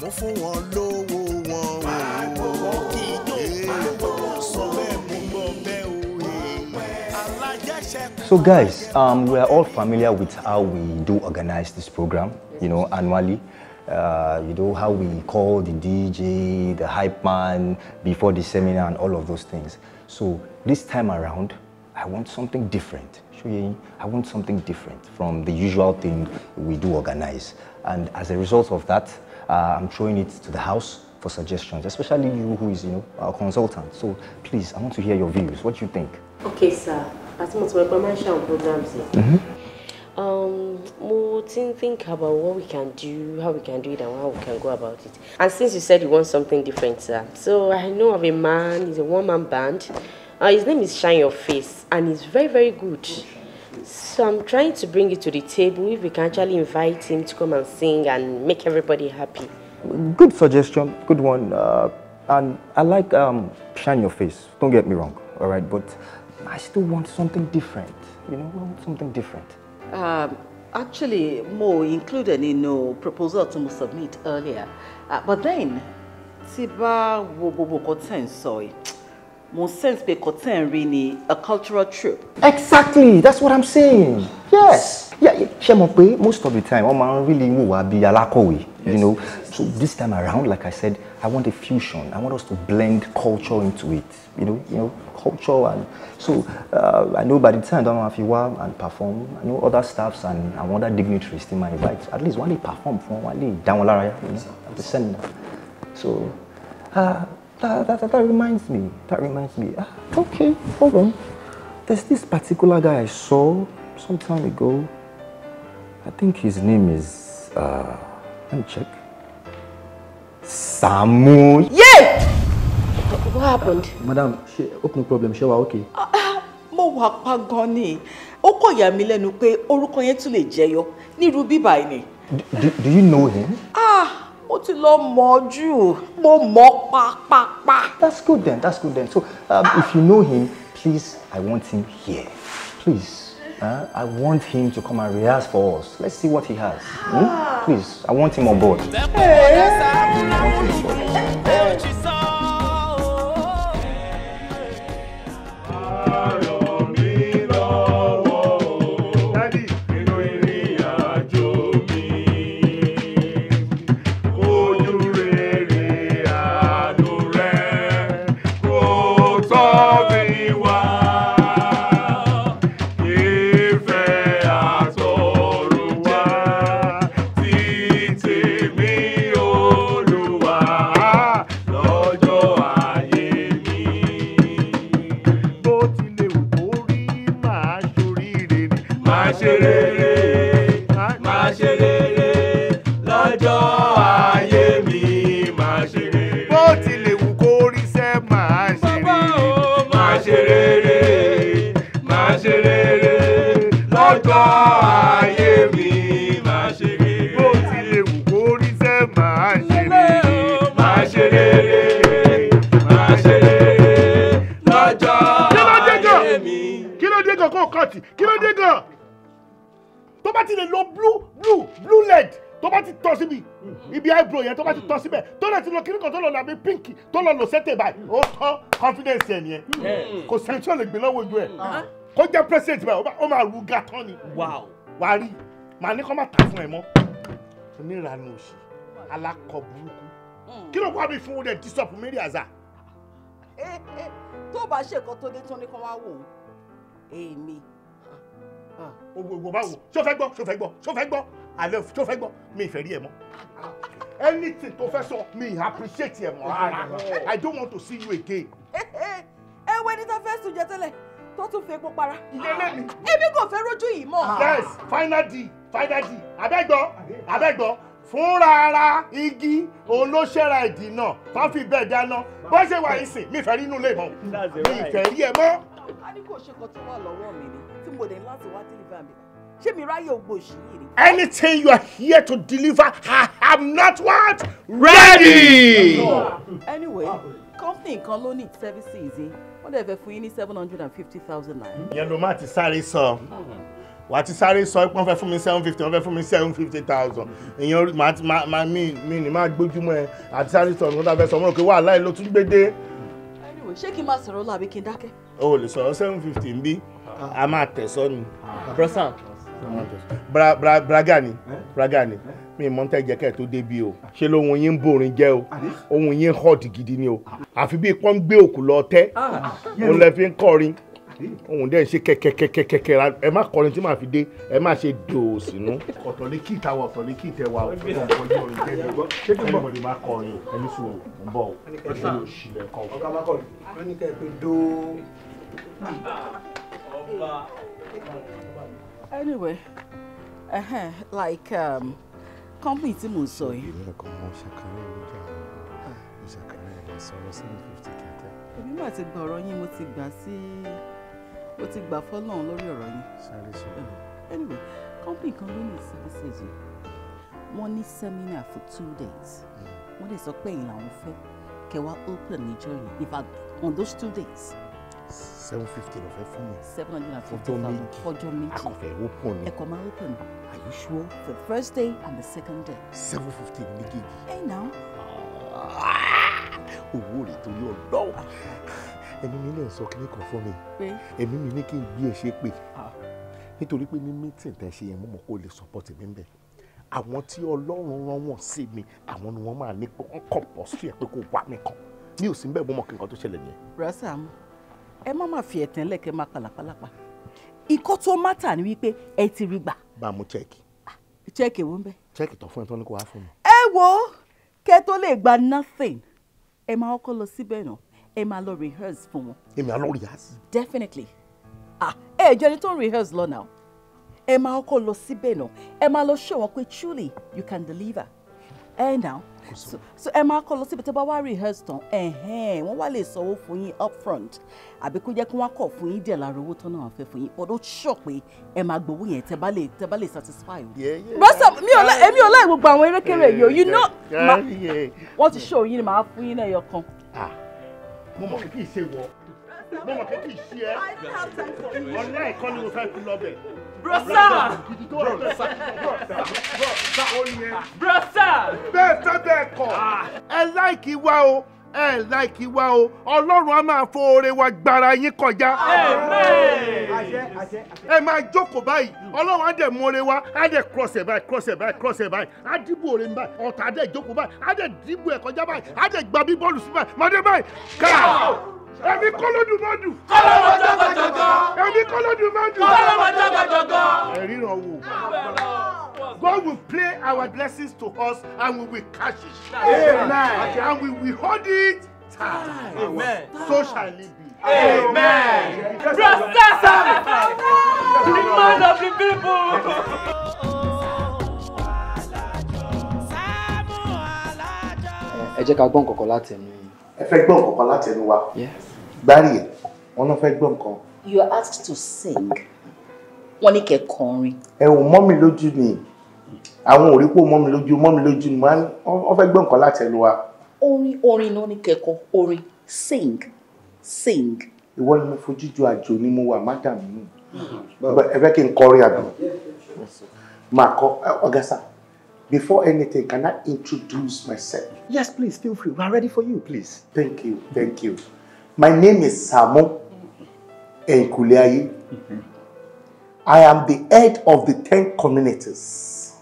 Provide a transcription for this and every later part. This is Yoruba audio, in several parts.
mú fún wọn lówó wọn o. kí yóò sọ bẹ́ẹ̀ mú bẹ́ẹ̀ o. Eh. So guys, um, we are all familiar with how we do organize this program, you know, annually. Uh, you know, how we call the DJ, the hype man before the seminar and all of those things. So this time around, I want something different. I want something different from the usual thing we do organize. And as a result of that, uh, I'm throwing it to the house for suggestions, especially you who is, you know, a consultant. So please, I want to hear your views. What do you think? Okay, sir. As much as my programs, eh? mm-hmm. um, mo think about what we can do, how we can do it, and how we can go about it. And since you said you want something different, sir, so I know of a man. He's a one-man band. Uh, his name is Shine Your Face, and he's very, very good. Okay. So I'm trying to bring it to the table if we can actually invite him to come and sing and make everybody happy. Good suggestion, good one. Uh, and I like um, Shine Your Face, don't get me wrong, all right? But I still want something different, you know, something different. Um, actually, Mo included in a uh, proposal to submit earlier. Uh, but then, Tiba Wobobokoten saw mo sense pé kọtẹ́n rí a cultural trip. exactly that's what i'm saying yes ṣe mọ̀ pé most of the time I'm máa really wò wá bí alákọ̀wé you know so this time around like i said i want a fusion i want us to blend culture into it you know you know culture and so uh, i know by the time don ma fi wá and perform i know other staffs and I want that dignitaries still ma invite at least wọ́n lè perform fún wọn wọ́n lè you know at the saying so. Uh, that, that, that, that reminds me. That reminds me. Ah, okay, hold on. There's this particular guy I saw some time ago. I think his name is, uh, let me check. Samu. Yeah! What happened? Uh, madam, ṣé open problem, ṣé wà okay? Ah, ah, mo wà pa gan ni. Ó kọ̀ yà mí lẹ́nu pé orúkọ yẹn tún lè jẹyọ nírú bíbà yìí ni. Do you know him? Ah! mo ti lọ mọ̀ jù mo mọ̀ pápápá. that's good then that's good then so um, ah. if you know him please i want him here please uh, i want him to come and rehearse for us let's see what he has hmm? please i want him on board. Hey. I want him on board. ṣe rere máa ṣe rere lọ́jọ́ ayé mi máa ṣe rere. bó ti ewu kó rí sẹ́ máa ṣe rere máa ṣe rere máa ṣe rere lọ́jọ́ ayé mi. kí ló dé gan tó bá ti lè lo blue blue blue led tó bá ti tọ́ síbi ibi eyebrow yẹn tó bá ti tọ́ síbẹ̀ tó bá ti lo kíní kan tó lọ làbí pínkì tó lọ lò sẹ́tẹ̀ báyìí ó tán confidence ẹ̀ nìyẹn hmm. kò sẹ́ńtì ọ̀lẹ̀ gbé lọ́wọ́ ojú ẹ̀ ah. Ah. kó jẹ́ president báyìí ó máa ru ga tán ni wàá rí màá ní kó má ta fún ẹ mọ́ oníranú òsì alákọ̀ burúkú hmm. kí ló wá mi fún un dẹ̀ disọ̀pù mary aza. Eh, eh, tó o bá ṣe nǹkan tó dé tán ni kó wá wò ó èmi. òwò ah. báwo ṣó fẹ́ gbọ́ ṣó fẹ́ gbọ́ ṣó fẹ́ gbọ́ àlẹ́ ṣó fẹ́ gbọ́ mi ìfẹ́ rí ẹ mọ́ anything tó fẹ́ sọ mi appreciate you, mọ́ i don't want to see you again. ẹ wẹ́n ní tó fẹ́ sùn jẹ tẹ́lẹ̀ tó tún fi epo para. ìdílé mi. èmi kò fẹ́ rojú yìí mọ́. Ah. yes final d final d abẹ́gbọ́ abẹ́gbọ́ fúnra ara igi olóṣèlá ìdì náà tó fi bẹ́ẹ̀ dáná bó ṣe wà ìsìn mi ìfẹ́ rí inú ilé mọ́ mi ìfẹ́ rí ẹ mọ́. a ní kò ṣe kan tí wọ́n mi ni tí mo dé láti wá délé mi ṣé mi ráyè ògbò òṣìyí rí. anything you are here to deliver I am not what ready. anyway company kan ló ní services yìí wọ́n dẹ̀ fẹ́ fún yín ní seven hundred and fifty thousand naira. ìyẹn ló máa ti sáré sọ wà á ti sáré sọ pé wọ́n fẹ́ fún mi seven fifty wọ́n fẹ́ fún mi seven fifty thousand ìyẹn màá ti máa mí mi ni máa gbójúmọ́ ẹ àti sáré sọ nǹkan tá a fẹ́ sọ ọmọ rẹ pé wàhálà ẹ ló tún gbé dé. anyway ṣé kí n máa sọ̀rọ̀ lọ àbí kí n dákẹ́. o ò lè sọ̀rọ̀ seven fifty ń bí a máa tẹ̀ sọ́ ni. brosan braga ni eh? braga ni eh? mi mọ tẹ jẹ kẹ tó débi o ṣe ló yín ń borin jẹ o ohun yín hot gidi ni o àfi bí pọ́n gbé òkú lọ tẹ́ ah, ah, òun lẹ fi ń kọrin òun dẹ̀ ń ṣe kẹ̀kẹ̀kẹ̀kẹ̀kẹ̀ ẹ má kọrin tí màá fi dé ẹ má ṣe dòò sínú. ọ̀tọ̀ ní kí ìta wa ọ̀tọ̀ ní kí ìtẹ ọ̀tọ̀ ní kọjú orin jẹ́ ní ṣé kí mọ̀ máa kọrin ẹni sùn ò ń bọ̀ ò ẹni ò sì lẹ̀ kọ́. ọkọ máa kọrin. ó ní kẹ́ ẹ pé dóó. ọba anyway uh-huh, like um, company tí mò ń sọ yìí. ìlú ẹ̀kọ́ wọn ṣàkàrẹ́ ìlú jà wọn ah. ṣàkàrẹ́ so sọ̀rọ̀ seven fifty kẹtẹ. èmi mà ti gbọ́ ọ̀rọ̀ yín mo ti gbà sí mo ti gbà fọ́lọ́run lórí ọ̀rọ̀ yín. sáré sọ̀rọ̀. Uh-huh. anyway company kan ló ní ìsìnkú wọ́n ní seminar for two days hmm. wọ́n lè sọ pé ìlànà fẹ́ kẹwàá open níjọ́ yìí in fact on those two days seven fifty ló fẹ́ fún mi. seven hundred and fifty thousand fọjọ́ méjì akọ̀fẹ́ open ni ẹ̀kọ́ máa open. are you sure. the first day and the second day. seven fifty ní méjèèjì. ẹ nà ó. owó rẹ̀ torí ọlọ́wọ́ ẹ̀mí mi lè sọ kíní kan fún mi ẹ̀mí mi ní kí n gbé ẹ ṣe pé ah. nítorí pé ní mítìn tẹ̀ ṣe yẹn mo mọ̀ kó lè support mi bẹ́ẹ̀ àwọn tí ọlọ́run rán wọn sí mi àwọn ni wọ́n máa ní kọ́ńkọ́ pọ̀ sí ẹ̀ pé kó wá mi kàn mi ò sí bẹ́ẹ̀ mo mọ̀ kí nǹkan tó ṣẹlẹ̀ nìyẹn. rasamu ẹ má máa fi ẹ̀tàn lẹ́kẹ̀ẹ́ máa kàlàkàlàpà nǹkan tó mátà ni wípé ẹ ti rí gbà. bá a mú chẹ́ẹ̀kì. Ah, chẹ́ẹ̀kì èwo ń bẹ. chẹ́ẹ̀kì tó fún ẹ tó ní kó wá fún mi. ẹ wo kẹ tó lè gba nothing ẹ máa kọ́kọ́ lọ síbẹ̀ náà ẹ máa lọ rehearse fún wọn. èmi á lọ rehearse. definitely ah ẹ jẹ́ ẹni tó ń rehearse lọ náà ẹ máa kọ́kọ́ lọ síbẹ̀ náà ẹ máa lọ show wọn pé truly you can deliver ẹ now so ẹ máa kọ́ lọ síbi tẹ́ bá wá rehearse tán ẹ̀hẹ́n wọ́n wá lè sanwó fún yín up front àbí kó jẹ́ kí wọ́n kọ̀ fún yín díẹ̀ lára owó tán náà fẹ́ fún yín but ó sọ pé ẹ máa gbowó yẹn tẹ́ bá lè tẹ́ bá lè satisfy o. bọ́sà mi ò láì èmi ò láì gbogbo àwọn erékeré yìí o you know wọ́n ti ṣe òyìn ni màá fún yín náà yọ kan. Ah, mo mọ̀ kí kì í ṣe wọ mo mọ̀ pé kì í ṣe ẹ́ ọ̀nà ìkọ́ni mo fẹ́ fi lọ bẹ̀. brosa brosa brosa brosa. bẹ́ẹ̀ tẹ́ bẹ́ẹ̀ kọ̀ ah. ẹ láìkí wá o ẹ láìkí wá o ọlọ́run á máa fọ oore wa gbára yín kọjá. ẹ máa jókòó báyìí ọlọ́run á dẹ̀ mú oore wa á cross it by, cross it by, cross it by. á dìbò oore mi báyìí ọ̀tá á dẹ̀ jókòó báyìí á dẹ̀ dìbò ẹ̀ kọjá báyìí á dẹ̀ gba bí bọ́ọ̀lù sí báyìí mọ̀dé báyìí káà èmi kọ́lódùmọ́dù. kọ́lọ́mọ jọ́gọ̀jọ̀gọ̀. èmi kọ́lódùmọ́dù. kọ́lọ́mọ jọ́gọ̀jọ̀gọ̀. ẹ̀ríran wò. God will play our blessings to us and we will catch it. Amen. And we will hold it tight. Amen. So shall it be. Amen. Processor, the man of the people. Ẹ jẹ́ ká gbọ́ nǹkan kan láti ẹnu Ẹ fẹ́ gbọ́ nǹkan kan wa. Yes gbárí ẹ̀ wọ́n ló fẹ́ gbọ́ nǹkan. you are asked to sing wọ́n ní kẹ́ kọrin. ẹ ò mọ́ mi lójú ni àwọn ò rí pò mọ́ mi lójú mọ́ mi lójú ni wọ́n fẹ́ gbọ́ nǹkan láti ẹnu wa. orin orin náà ní kẹ́kọ̀ọ́ orin sing sing. ìwọ ni mo fojú ju àjò ni mo wà madam mi mm-hmm. ẹ fẹ́ kí n kọrin àbí máa kọ ọ̀gá sáà. Before anything, can I introduce myself? Yes, please, feel free. We are ready for you, please. Thank you, thank you. My name is Samo Enkuleayi. I am the head of the ten communities.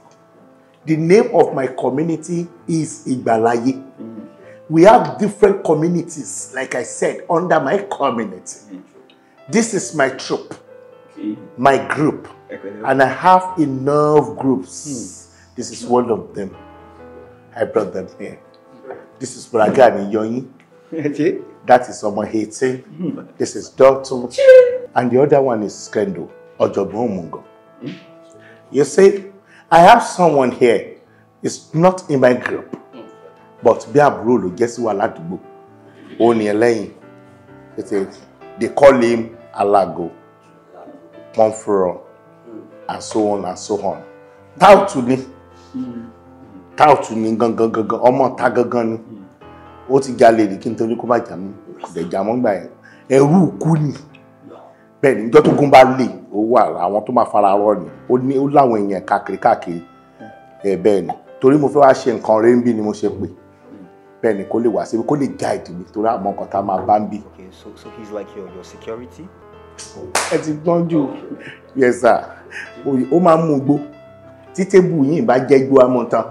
The name of my community is Igbalaye. We have different communities, like I said, under my community. This is my troop, my group, and I have enough groups. Hmm. This is one of them. I brought them here. This is Braga and Yoyin. That is someone hating. Hmm. This is Dalton. And the other one is Kendo, Ojogbon Mungo. Hmm. You see, I have someone here. It's not in my group. But bí àbúrò ló jẹ́ sí wa ládùúgbò. Ó ní ẹlẹ́yìn. They call him Alago, Monfuro, and so on and so on. Táòtù to Táòtù ni hmm. to gangan. Ọmọ ta gangan ni. Mm ó ti jalè rí kí n torí kó má jà mí ìdẹ̀jà mọ́ gbà yẹn ẹ̀rù kú ni bẹ́ẹ̀ ni ìjọ́ tó gún bá lè ó wà àwọn tó máa fara rọ ni ó ní ó láwọn èèyàn káàkiri káàkiri ẹ̀ bẹ́ẹ̀ ni torí mo fẹ́ wá ṣe nǹkan rẹ̀ ń bí ni mo ṣe pè bẹ́ẹ̀ ni kó lè wá síbi kó lè guide mi torí àmọ́ nǹkan tá a máa bá ń bì. so so he's like your your security. ẹ ti gbọ́n jù yes sir ó máa ń mú gbó tí tébù yìí bá jẹ́ gbó amọ̀tán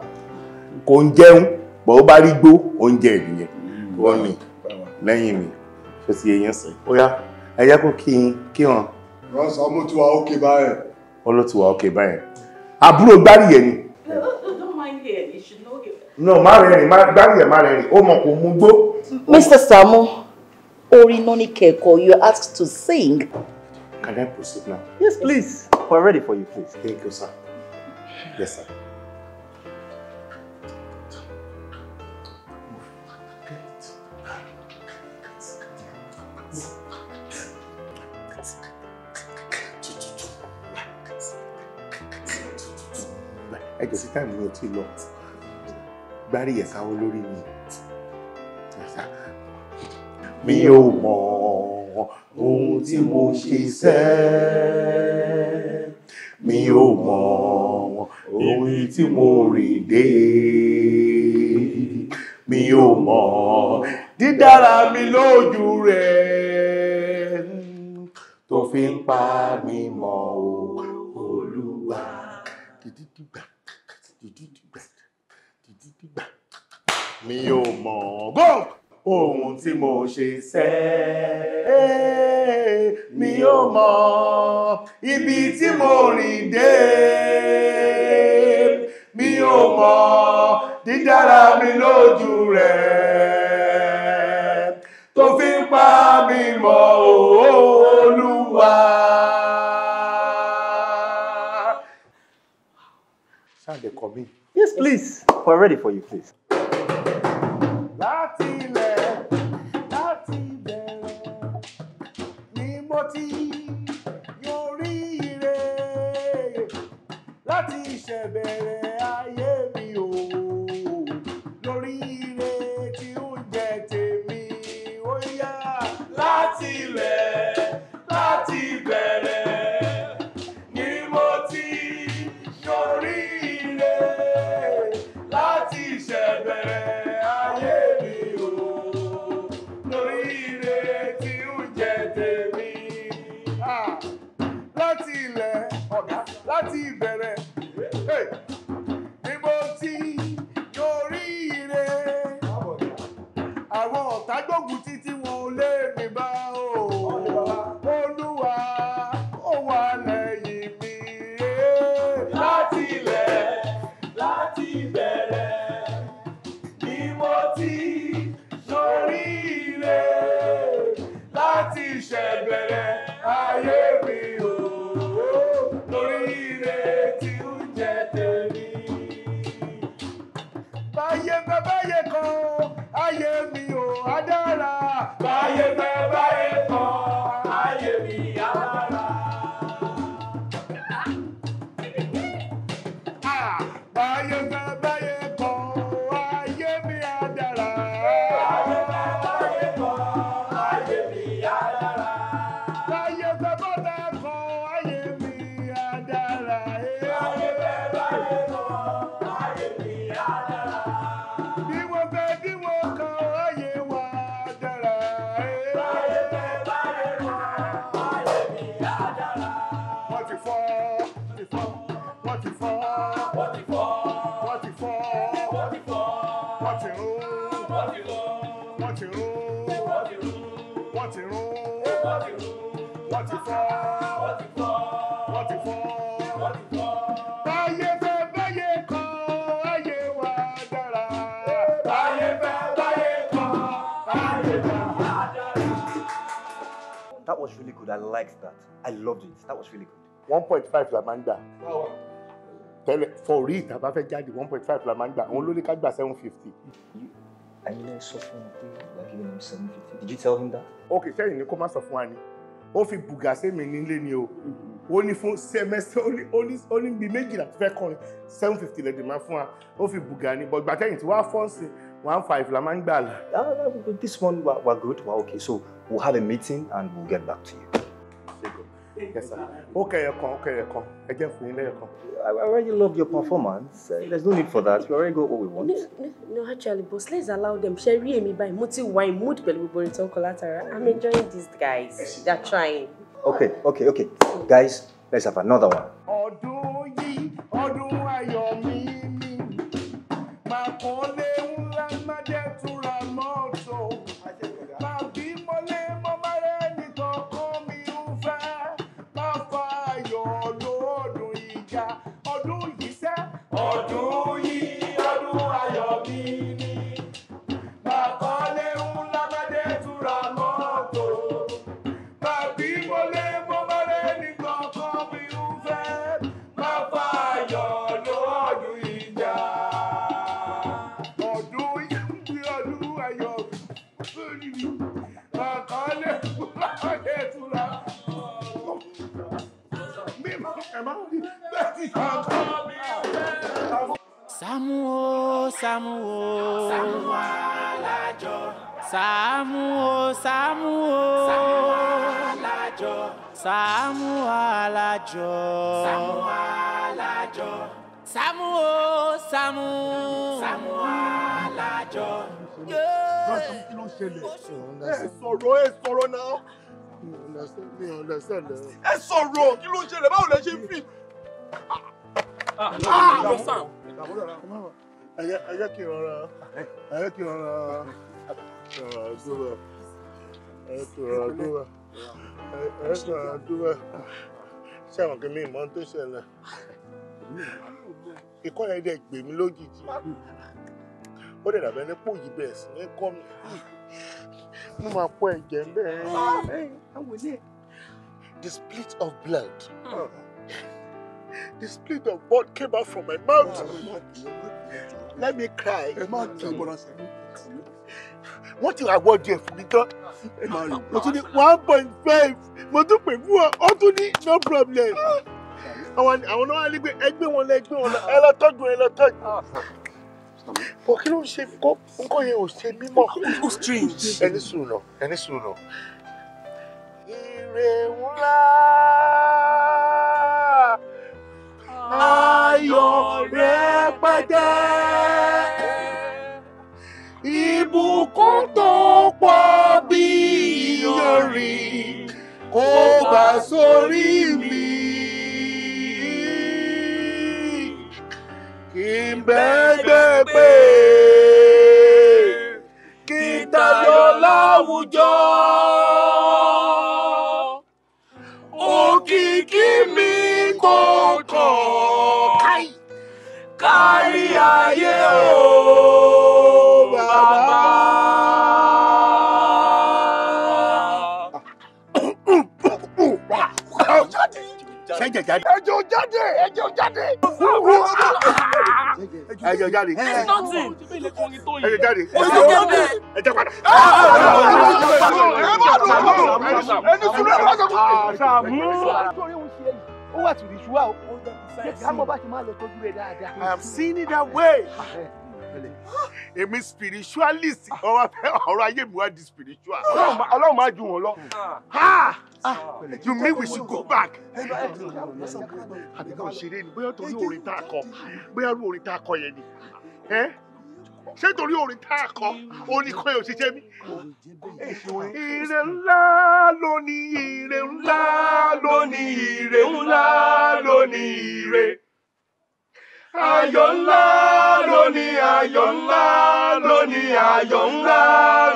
kò ń jẹun bọ́ ó bá rí gbó oúnjẹ ìdíyẹn mm. wọ́n ní lẹ́yìn mi ṣe ti èèyàn sẹ́ ó yá ẹ jẹ́ kó kí n kí hàn. rọ́ọ̀sì ọmọ tí wàá ókè báyẹn. ó ló ti wàá ókè báyẹn àbúrò gbárìyẹ ni. no má rẹ́rìn gbárìyẹ má rẹ́rìn ó mọ̀ kó mú gbó. Mr. Samu, orin náà ní kẹ̀kọ́ you are asked to sing. Can I proceed now? Yes, please. We're ready for you, please. Thank you, sir. Yes, sir. ẹjọ́ sí táìmù yẹn tí lọ gbárí yẹn káwọ́ lórí mi mi ò mọ̀ ohun tí mo ṣe sẹ́ mi ò mọ̀ ohun tí mo rì dé mi ò mọ̀ dídára mi lójú rẹ̀ tó fi ń pa mi mọ́. mi ò mọ̀ gò ohun tí mo ṣe ṣe mi ò mọ̀ ibi tí mo rìn dé mi ò mọ̀ dídára mi lójú rẹ̀ tó fi ń pa mi mọ́ olúwa. Sound the coming. Yes, please. We're ready for you, please láti ilẹ̀ láti bẹ̀rẹ̀ ni mo ti yọrí ire láti ìṣẹ̀bẹ̀rẹ̀. I loved it. That was really good. 1.5 point five la máa for it, I've fẹ́ jáde one point five Only máa ń gbà òun ló ní ká gbà seven fifty. giving him 750. did you tell him that. Okay, sẹ́yìn ni kó má sọ fún wa ni ó fi bùgà sẹ́mi ni o Only mm-hmm. ní fún semester ó ní ó ní ó ní bíi méjìlá tó fẹ́ kọrin seven fifty lẹ́dí máa fún wa ó fi bùgà ní bọ́ gbàtẹ́yìn tí wàá fọ́ọ̀sì one five la máa ah, ah, ah, this one wa good wa okay so we'll have a meeting and we'll get back to you. Yes, sir. Okay, you come. okay, you Ekon. Again, for you, come. I already love your performance. Uh, there's no need for that. We already got what we want. No, no, no actually, boss, let's allow them. Sherry and me by multi wine mood, but we bring some collateral. I'm enjoying these guys. They're trying. Okay, okay, okay. Guys, let's have another one. Samu, o. alajo, Samu alajo, Samu, Sàámú o Sàámú. Sàámú Alájọ. Báyọ̀ kí ló ṣẹlẹ̀? Ẹ sọ̀rọ̀ ẹ sọ̀rọ̀ náà. Ẹ sọ̀rọ̀ kí ló ṣẹlẹ̀? Báwo lẹ ṣe ń fi? Ẹ yẹ kí n rọra. Ẹ yẹ kí n rọra. Ẹ yẹ kí n rọra ẹ tọrọ àdúrà ẹ tọrọ àdúrà ṣé àwọn kìíní ìmọ̀ tó ṣẹlẹ̀ ikọ́ yẹn dẹ̀ gbè mí lójijì ó dẹ̀ dàbẹ́ ní pò yìí bẹ̀rẹ̀ the split of blood. The split of blood came out from my mouth. Let me cry wọ́n ti àwọ̀ díẹ̀ fún mi tán mo tún ní one point five mo tún pè fún ọ ọ tún ní no problem àwọn náà wà ní pé ẹgbẹ́ wọn lọ ẹgbẹ́ wọn lọ ẹ lọ tọ́jú ẹ lọ tọ́jú ah, bọ kí ló ń ṣe kó nǹkan yẹn ò ṣe mímọ. ó strange. ẹni sùn lọ ẹni sùn lọ. ire ńlá ayọ̀ rẹ̀ pẹ́tẹ́. tó pọ̀ bí iyanrìn kó bá sórí mi. kí n bẹ́gbẹ́ pé kí n tayọ láwùjọ. òkìkí mi kò kàn kárí ayé o. ẹ̀jẹ̀ jáde. ẹ̀jẹ̀ ò jáde ẹ̀jẹ̀ jáde. ẹ̀jẹ̀ jáde. ẹ̀jẹ̀ jáde. ẹ̀jẹ̀ jáde. ẹ̀jẹ̀ padà. ẹni sùn lẹ́nu lọ́sọ̀ fún mi. sàmú. ó wà tìrì ṣùgbọ́n ó jẹ́ kí a mọ̀ bá ti máa lọ tọ́jú rẹ̀ dáadáa. I am seeing it that way ṣẹlẹ̀. èmi spiritualist ọ̀rọ̀ ayé mi wá di spiritual. ọlọ́run máa ju wọn lọ. you mean we should go back. àbí kò ni bóyá torí orin tá a kọ bóyá orin tá a kọ yẹn ni ṣé torí orin tá a kọ oníkan yóò ṣiṣẹ́ mi. ire ńlá lónìí ire ńlá lónìí ire ńlá lónìí ire ayọ̀ ńlá lónìí ayọ̀ ńlá lónìí ayọ̀ ńlá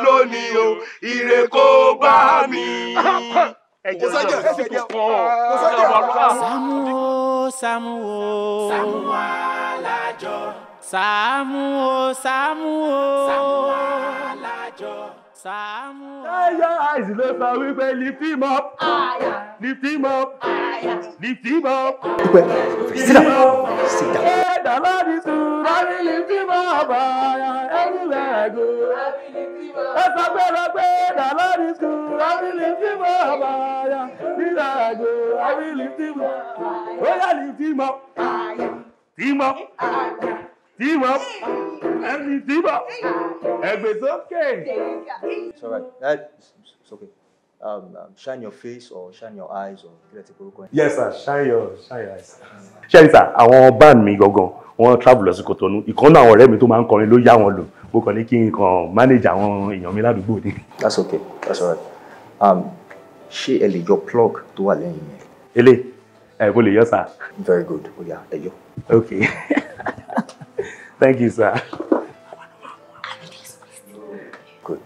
lónìí o ire kó bá mi. ẹ̀jẹ̀ sọ́jà ẹ̀jẹ̀ jẹ́ kọ́ ọ o Sàámú o Sàámú wa lájọ. o Sàámú o Sàámú wa lájọ your eyes ló sọ wípé lift him up lift him up lift him up. pípẹ́ sídà sídà. ẹ̀dá lọ́ọ̀dì sùn láti lift him up anywhere I go. ẹ sọ pé lọ pé ẹ̀dá lọ́ọ̀dì sùn láti lift him up anywhere I go. I will lift him up. Ó yà lift him up. Team up. Team up ẹni tí bọ̀ ẹgbẹ́ sókè. it's alright that it's okay um, um, shine your face or shine your eyes or kílẹ̀ tí korúkọ yẹn. yes sir shine your shine your eyes. ṣẹ́yìn sà àwọn band mi gangan wọ́n travel lọ sí Kòtónú ìkan náà àwọn ọ̀rẹ́ mi tó máa ń kọrin ló yá wọn lò mo kàn ní kí n kàn manage àwọn èèyàn mi ládùúgbò ni. that's okay that's alright um, ṣé ẹ lè yọ plug tó wà lẹ́yìn yẹn. ele ẹ mo lè yọ sà. very good ó yeah. ẹ yọ. okay. Thank you, sir. Good.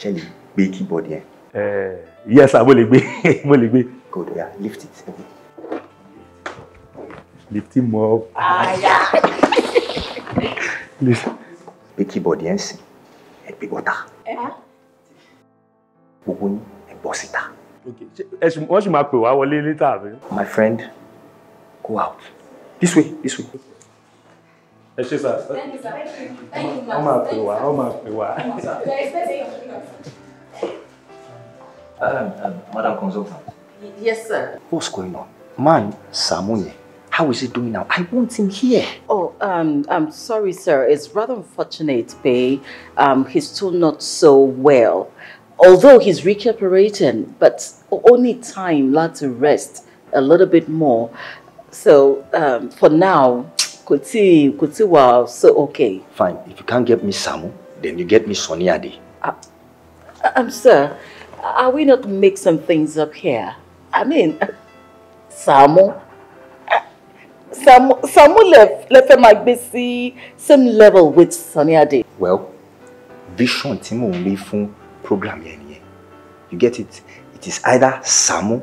Ṣé lè gbé keyboard yẹn? Eh, yes, sir, mo Be gbé. Mo Good, yeah, lift it. Lift him up. Ah, yeah. Lift. Gbé keyboard yẹn sí. Ẹ gbé bọ́tà. Gbogbo yín ẹ bọ́ síta. Wọ́n sì máa pè wá wọlé létà. My friend, go out. This way, this way. It's just like, Thank you, sir. Thank you, sir. I'm happy why. I'm happy uh, why. Um, um, Madam Consultant. Yes, sir. What's going on? Man, Samuye, how is he doing now? I want him here. Oh, um, I'm sorry, sir. It's rather unfortunate, Bay. Um, he's still not so well. Although he's recuperating, but only time, lot to rest a little bit more. So um, for now, kò tí kò tí wà so okay. fine if you can't get me Saamu then you get me Sunny Ade. Uh, um, sir are we not mixing things up here I mean Saamu Saamu Saamu lè fẹ́ máa gbé sí same level with Sunny Ade. well vision tí mò ń rí fún program yẹn nìyẹn you get it it is either Saamu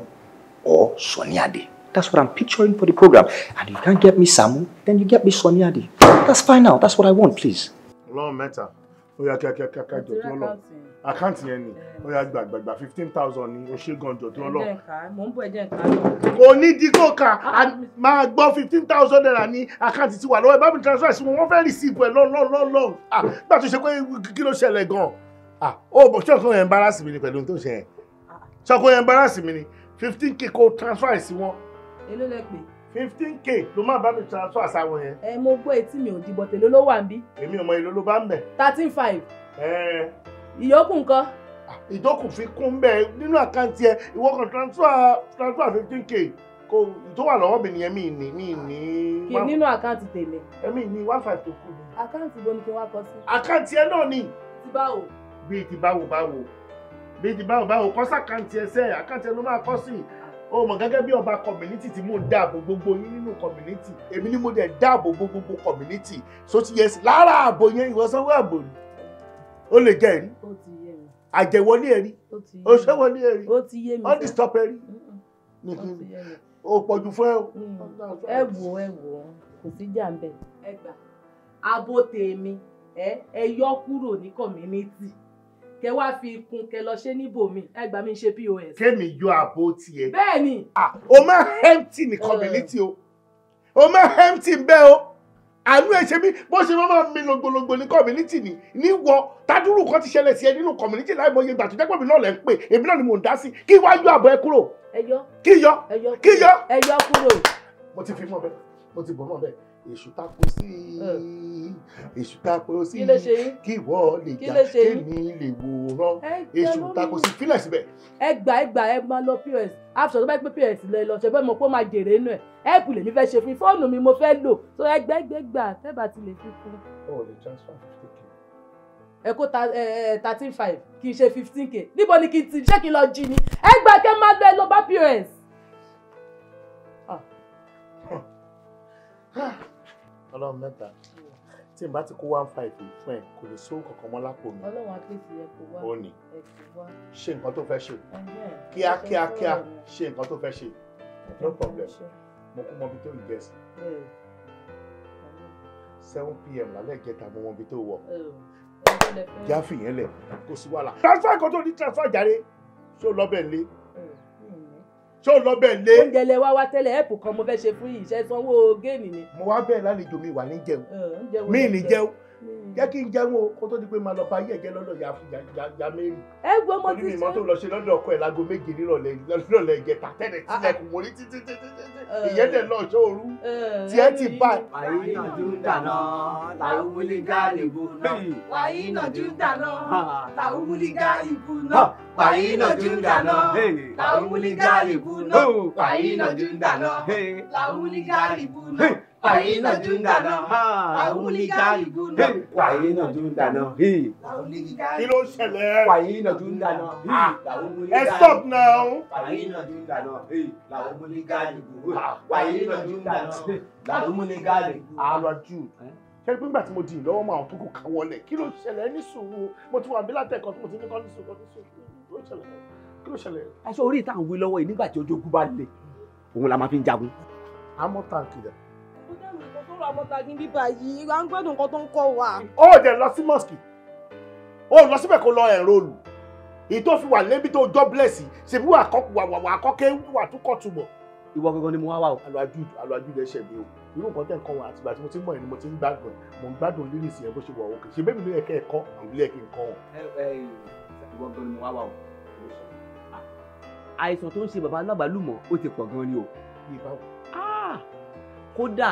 or Sunny Ade. That's what I'm picturing for the program. And if you can't get me Samu, then you get me Sonyadi. That's fine now. That's what I want, please. Long matter. Oya kíá kíá kíá kíá jọ I can't Àkáǹtì any. ni. Oya gbà gbà gbà fifteen thousand ni o ṣe gan jọ tó lọ. Ẹ̀jẹ̀ ká mò ń bọ̀ ẹ̀jẹ̀ ká lọ. Kò ní dígò ká fifteen thousand naira I àkáǹtì tí wà lọ́wọ́ ẹ̀ bá mi transfer sí wọn wọ́n very simple, long, long, long, long. ṣe pé kí ló ṣẹlẹ̀ gan-an. Ó bọ̀ ṣé ọkùnrin yẹn embarrass mi ni pẹ̀lú ohun tó ṣe going to embarrass me. fifteen k kò transfer sí wọn èló lẹ pè. fifteen k ló máa bá mi transfer àsáwọn yẹn. ẹ mo gbọ́ etí mi ò dìbò tèló ló wà ń bí. èmi ò mọ èló ló bá ń bẹ̀. thirteen five. ìyókù nǹkan. ìdókù fi kún bẹ́ẹ̀ nínú àkáǹtì ẹ ìwọ kan transfer transfer fifteen k kò tó wà lọ́wọ́ mi nìyẹn mi ní mi ní. kì í nínú àkáǹtì tèmi. ẹ̀mí ní one five tó kù. àkáǹtì bo ni kí n wá kọ sí. àkáǹtì ẹ náà ni. ti báwo. bíi ti báwo báwo bíi ti báwo báwo kọ́ sàkáǹtì ẹsẹ̀ àkáǹtì ẹ ló máa kọ́ sí i o mọ̀ gẹ́gẹ́ bí ọba community tí mò ń dáàbò gbogbo yín nínú community èmi ni mo dẹ̀ dáàbò gbogbo community so ti yẹ sí lára ààbò yẹn ìwọ sanwó ààbò ni ó lè jẹ́ ẹ̀rí àjẹwọlé ẹ̀rí òṣèwọlé ẹ̀rí all the stop ẹ̀rí o pọ̀jù fún ẹ o. Mm. ẹ wò ẹ wò kò sí jàǹbẹ. ẹ gbà abo tèmi ẹ yọ kúrò ní community kẹ wá fi kun kẹ lọ ṣe níbòmí ẹ gbà mí ṣe pos. kémi yọ àbò tiẹ̀. bẹ́ẹ̀ni. o máa empty ní community o o máa empty bẹ́ẹ̀ o àánú ẹ ṣe mí bó ṣe máa mi lògbòlògbò ní community ni níwọ tádúrú kan ti ṣẹlẹ̀ sí ẹ nínú community láìmọye ìgbà tó jẹ́ mi náà lẹ̀ ń pè èmi náà ni mò ń dá sí kí wá yọ àbọ̀ ẹ kúrò. ẹ yọ kí yọ ẹ yọ kúrò. mo ti fi mọ bẹ́ẹ̀ mo ti bọ mọ bẹ́ẹ̀ èṣù tako sí i èṣù tako sí i kí ìwọ lè jà kémi lè wòran èṣù tako sí i fílẹ̀ síbẹ̀. ẹ gbà ẹ gbà ẹ máa lọ pọ́s àfṣọ tó bá pé pọ́s lẹ lọ ṣẹbẹ́ mo kó máa jèrè inú ẹ ẹ́ẹ̀pù lèmi fẹ́ ṣe fún fóònù mi mo fẹ́ lò tó ẹgbẹ́ gbẹ́ gbà tẹ́bà ti lè fi kún. ẹ kó thirteen five kì í ṣe fifteen k níbo ni kì í ti ṣé kí n lọ jí ni ẹ gbà kẹ́ máa lọ ẹ lọ bá pọ́s. Ah ọlọ́run mẹ́ta tí n bá ti kó one five fún ẹ kò lè sóhun kankan mọ́ lápò mi. ọlọ́run akéèsì ẹ kò wá òní ṣe nǹkan tó fẹ́ ṣe kíákíá kíá ṣe nǹkan tó fẹ́ ṣe no problem mo kú mọ ibi tó ń jẹ seven pm lálẹ́ ìjẹta mo mọ ibi tó wọ̀ jáfì yẹn lẹ̀ kò sí wàhálà transfer kan tó ní transfer jáde ṣó lọ́bẹ̀ lé ṣé ò lọ bẹ̀ lé. oúnjẹ lẹ wá wá tẹ́lẹ̀ ẹ̀pù kan mo fẹ́ ṣe fún yìí iṣẹ́ sanwó géènì ni. mo wá bẹ́ẹ̀ lálejò mi wà ní jẹun mi ní jẹun jẹ́ kí n jẹun o kó tó di pé máa lọ bá yí ẹ̀jẹ̀ lọ́dọ̀ ya mẹ́rin. ẹ gbọ́ mo ti ṣe. onímọ̀ tó lọ ṣe lọ́dọ̀ ọkọ ẹ̀ lágo méje nírọ̀lẹ́ nírọ̀lẹ́ ìjẹta tẹ́lẹ̀ ah, ah. tílẹ̀ kò wọlé títí títí eh. ìyẹn dẹ̀ lọ ṣọ́ òru eh. tiẹ̀ ti bá. wàyí náà dún dáná làwọn múlígá ìbú náà. Hmm. wàyí náà dún dáná làwọn múlígá ìbú náà. wàyí náà dún dáná làwọn múlígá ìbú náà. Hmm. wàyí náà dún dáná làwọn múlígá ìbú náà. Hmm. Waina Jundana ha, Auliga Iguna. Waina Jundana he. Kí ló ṣẹlẹ̀? Waina Jundana he. Ẹ stop now. Waina Jundana he. Lauliga Iguna. Waina Jundana he. Lauliga Iguna. Ara ah, Jude ṣẹ́rí pé ńgbà tí mo dì lọ́wọ́ mọ àwọn tó kò wọlé kí ló ṣẹlẹ̀ ní sùúrù mo ti wà bí látẹ̀kọ́ tí mo ti ní kọ́ ní sùúrù kọ́ ní sùúrù kí ló ṣẹlẹ̀. aṣọ orí ìta àwọn wí lọ́wọ́ yìí nígbà tí ojú ogun bá le òun la máa fi ń jagun. àmọ́ tàǹkì rẹ̀ nǹkan tó ra mọ́tàgì bíbá yìí à ń gbádùn nǹkan tó ń kọ́ wa. ó dẹ̀ lọ sí mosque ó lọ síbẹ̀ kó lọ ẹ̀rọ̀lù èyí tó fi wà lẹ́bí tó jọ́ blẹ̀sì ṣèbí wà kọ́kẹ́ wà tún kọ́ túbọ̀ ìwọ gangan ni mo wá wà o alọ́ajúdù alọ́ajúdù ẹ̀ṣẹ̀ mi o irú nǹkan tẹ̀ ń kọ́ wọn àtìgbà tí mo ti mọ̀ ẹ́ ni mo ti ń gbàgbọ́ mo ń gbádùn lyrics yẹn bó ṣe wà o kì í ṣe bẹ́ẹ̀ mi ló yẹ kẹ́ ẹ kọ́ ìlú yẹ kí n kọ́ wọn. ìwọ gangan ni mo wá wà o. Ah. àìsàn tó ń ṣe bàbá alábàálùmọ̀ ó ti pọ̀ gan ni o kódà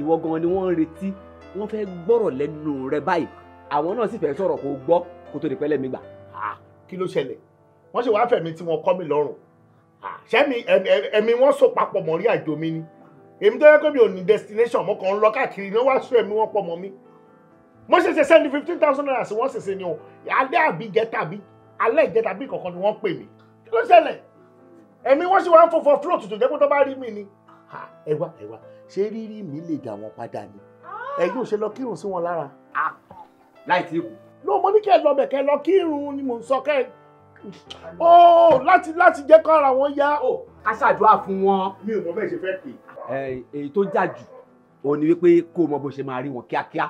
ìwọ gan ni wọ́n ń retí wọ́n fẹ́ gbọ́rọ̀ lẹ́nu rẹ báyìí àwọn náà sì fẹ́ sọ̀rọ̀ kó gbọ́ kó tó di pẹ́lẹ́ mi gbà. kí ló ṣẹlẹ̀ wọ́n ṣe wàá fẹ̀mí tí wọ́n kọ́ mi lọ́rùn ṣẹ́mi ẹ̀mí wọ́n so papọ̀ mọ́ rí àjò mi ni èmi tó yẹ kó mi ò ní destination mo kàn ń lọ káàkiri ní wàá sún ẹ̀mí wọ́n pọ̀ mọ́ mi mo ṣe ṣe sẹ́ni fifteen thousand naira sí wọ́n ṣe ṣe ni o alẹ́ àbí gẹ́tà àbí alẹ́ ìgẹ́tà àbí kankan ni wọ́n pè mí kí ló ṣẹlẹ̀ ẹ̀mí wọ́n ṣe wàá fọfọ float tó jẹ́ pé tó bá rí mi ni ẹ̀wà ẹ̀wà ṣé rírí mi lè dà wọ́n padà ni ah! ẹ̀yin ò ṣe lọ kírun sí wọn lára. Ah, láì tí kù. ló mo ní kẹ́ ẹ lọ bẹ̀ kẹ́ ẹ lọ kírun ni mò ń sọ kẹ́ ẹ ó oh, láti láti jẹ́ kó ara wọn yá. ó oh, ká ṣàdúrà fún wọn. mi ò mọ bẹ́ẹ̀ ṣe fẹ́ pè. èyí tó jà jù òun ni wípé kó o mọ bó ṣe máa rí wọn kíákíá.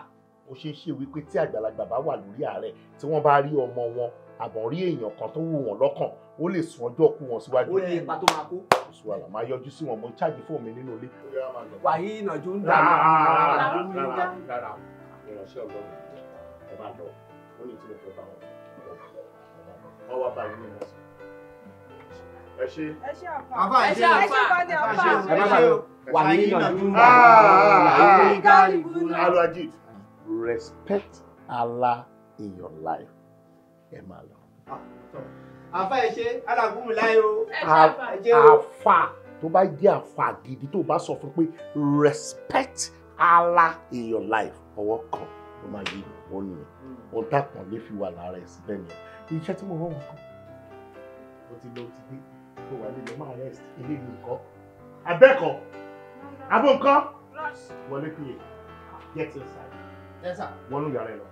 ó ṣeé ṣe wípé tí àgbàlagbà bá wà lórí ààrẹ tí wọ́n bá rí ọmọ wọn àbọ̀ rí èèyàn kan tó wù wọ́n lọ́kàn ó lè sún ọjọ́ kú wọn síwájú. ó lè pa tó máa kú. oṣù àlà máa yọjú sí wọn mo ṣáàjì fóònù mi nínú ilé. wàyí ìnàjú ń dà mí. rárá ìránṣẹ́ ọgbọ́n ẹ máa lọ wọ́n ní tí mo fẹ́ bá wọn. wọ́n wá báyìí nínú ọ̀sán. ẹ ṣe. ẹ ṣe àfà ẹ ṣe àfà ẹ ṣe àfà ẹ má bàa wàyí ìnàjú ń dà mí. respect Allah in your life ẹ máa lọ. Ah, àfa ẹ ṣe alágúnmu láyé o. àfa tó bá jẹ́ àfa gidi tó bá sọ fún pé respect Allah in your life ọwọ́ kan ló máa yí ìwọ nìyẹn hmm. ohun tápọ̀n lè fi wà lára ẹ̀ síbẹ̀ nìyẹn iṣẹ́ tí mo rọrùn kan mo ti lọ ti dé tó wà nílò máa rest ilé ìlú nǹkan abẹ́kọ̀ abó nǹkan wọlé kúrò get inside wọnú yàrá ẹ lọ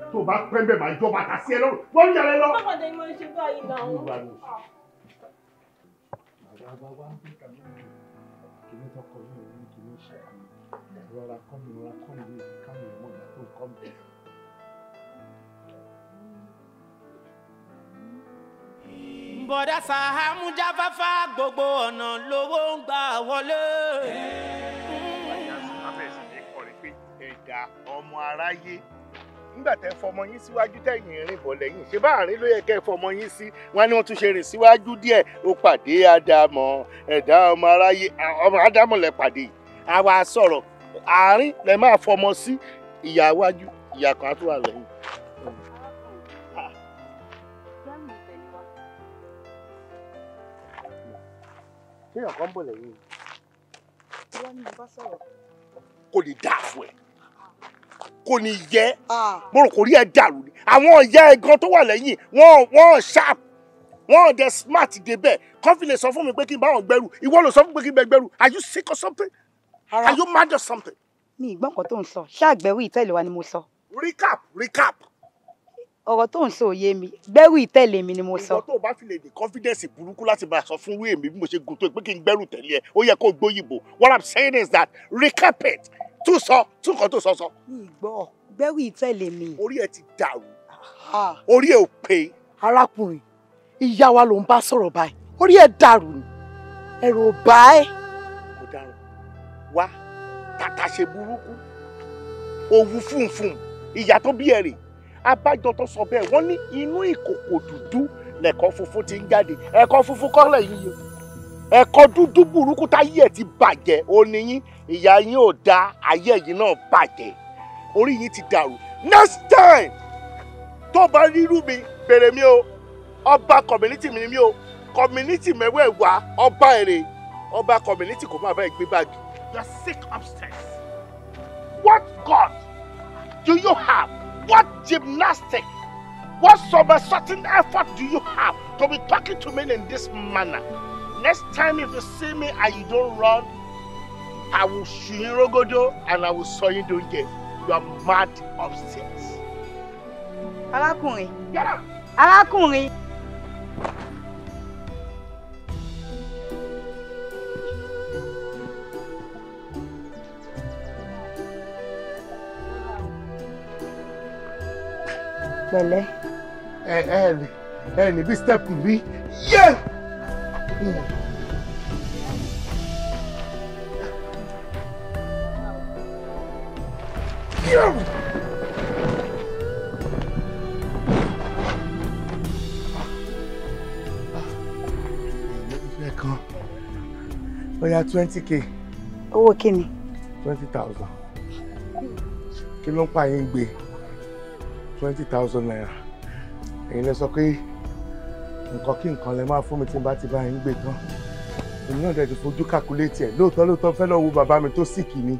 tó o bá pẹ́ bẹ́ẹ̀ máa jọ bàtà sí ẹ lọ́rùn wọ́n ń yàrá ẹ lọ. bákọ̀dé máa ń ṣe báyìí làwọn. kìnní tọkọ yóò ní kìnní ṣe rọra kọ́ mi rọra kọ́ mi yìí káwọn èèyàn mọ̀ ìgbà tó ń kọ́ mi. bọ̀dá Sàámú jáfáfá gbogbo ọ̀nà lówó ń gbà wọlé. ọmọ aráyé nígbà tẹ fọmọ yín síwájú tẹ̀yìn rìn bọ̀ lẹ́yìn ṣé bá àárín ló yẹ kẹ́ fọmọ yín sí wọn ni wọ́n tún ṣe rìn síwájú díẹ̀ ó pàdé àdàmọ̀ ẹ̀dá ọmọ aráyé ọmọ àdàmọ̀ lẹ pàdé àwa sọ̀rọ̀ àárín lẹ máa fọmọ sí ìyá wájú ìyá kan á tún wà lẹ́yìn. ṣé ọ̀kan kò lè dáa fún ẹ kò ní yẹ ah. mo rò kò rí ẹ dàrú ni àwọn ìyá ẹgan tó wà lẹ́yìn wọn wọn sharp wọn dẹ smart débẹ̀ kọfìlẹ sọ fún mi pé kí n bá wọn gbẹrù ìwọ ló sọ fún mi pé kí n bẹ gbẹrù are you sick or something Ara. are you mad or something. mi ìgbọ́n kan tó ń sọ ṣáàgbẹ̀wò ìtẹ́lẹ̀ wa ni mo sọ. recap recap. ọ̀rọ̀ tó ń sọ òye mi gbẹ́rù ìtẹ́lẹ̀ mi ni mo sọ. ìwọ tó o bá fi lè ní confidence burúkú láti máa sọ fún wíwèmí bí mo ṣe gùn tó pé kí n gbẹ́rù tẹ̀lé ẹ ó yẹ kó gbóyìnbó what i'm saying is that recap it tún sọ tún kan tó sọ sọ. ìgbọ́ gbẹ́rù ìtẹ̀lé mi. orí ẹ ti dàrú orí ẹ ò pé. arákùnrin ìyá wa ló ń bá sọ̀rọ̀ báyìí orí ẹ dàrú ni ẹ̀rù ò bá ẹ. kò dáràn wá tàtà ṣe burúkú òwú fúnfún ìyá tó bí ẹ rè abájọ tó sọ bẹ́ẹ̀ wọ́n ní inú ìkòkò dúdú lẹ̀kọ́ funfun ti ń jáde ẹ̀kọ́ funfun kọ́lẹ̀ yíyọ ẹ̀kọ́ dúdú burúkú táyé ẹ̀ ti bàjẹ́ òní yín ìyá yín ò da ayé yín náà bàjẹ́ orí yín ti dàrú next time tó bá rírú mi bèrè mi o ọba community mi ni mi o community mẹ́wẹ̀ẹ̀wá ọba èrè ọba community kò má bẹ́ẹ̀ gbé báàgì. you are sick upstairs. what god do you have what gymnastic what somersaulting effort do you have to be talking to me in this manner. Next time if you see me and you don't run, I will shoot you rogodo and I will saw you don't get. You are mad upstairs. Arákùnrin. Yeah. Arákùnrin. Pẹ̀lẹ́. Ẹ Eh, eh, eh. bí step bí. Yeah! Oya twenty k. Owó kíni? Twenty thousand. Kí ló ń pa yín gbé? Twenty thousand naira. Ẹ̀yin lẹ sọ pé nǹkan kí nǹkan lè máa fún mi tí n bá ti bá yín gbé tán èmi náà dẹ̀ ti fojú kàkúléètì ẹ̀ lóòótọ́ lóòótọ́ fẹ́ lọ́ọ́ wo bàbá mi tó sì kì mí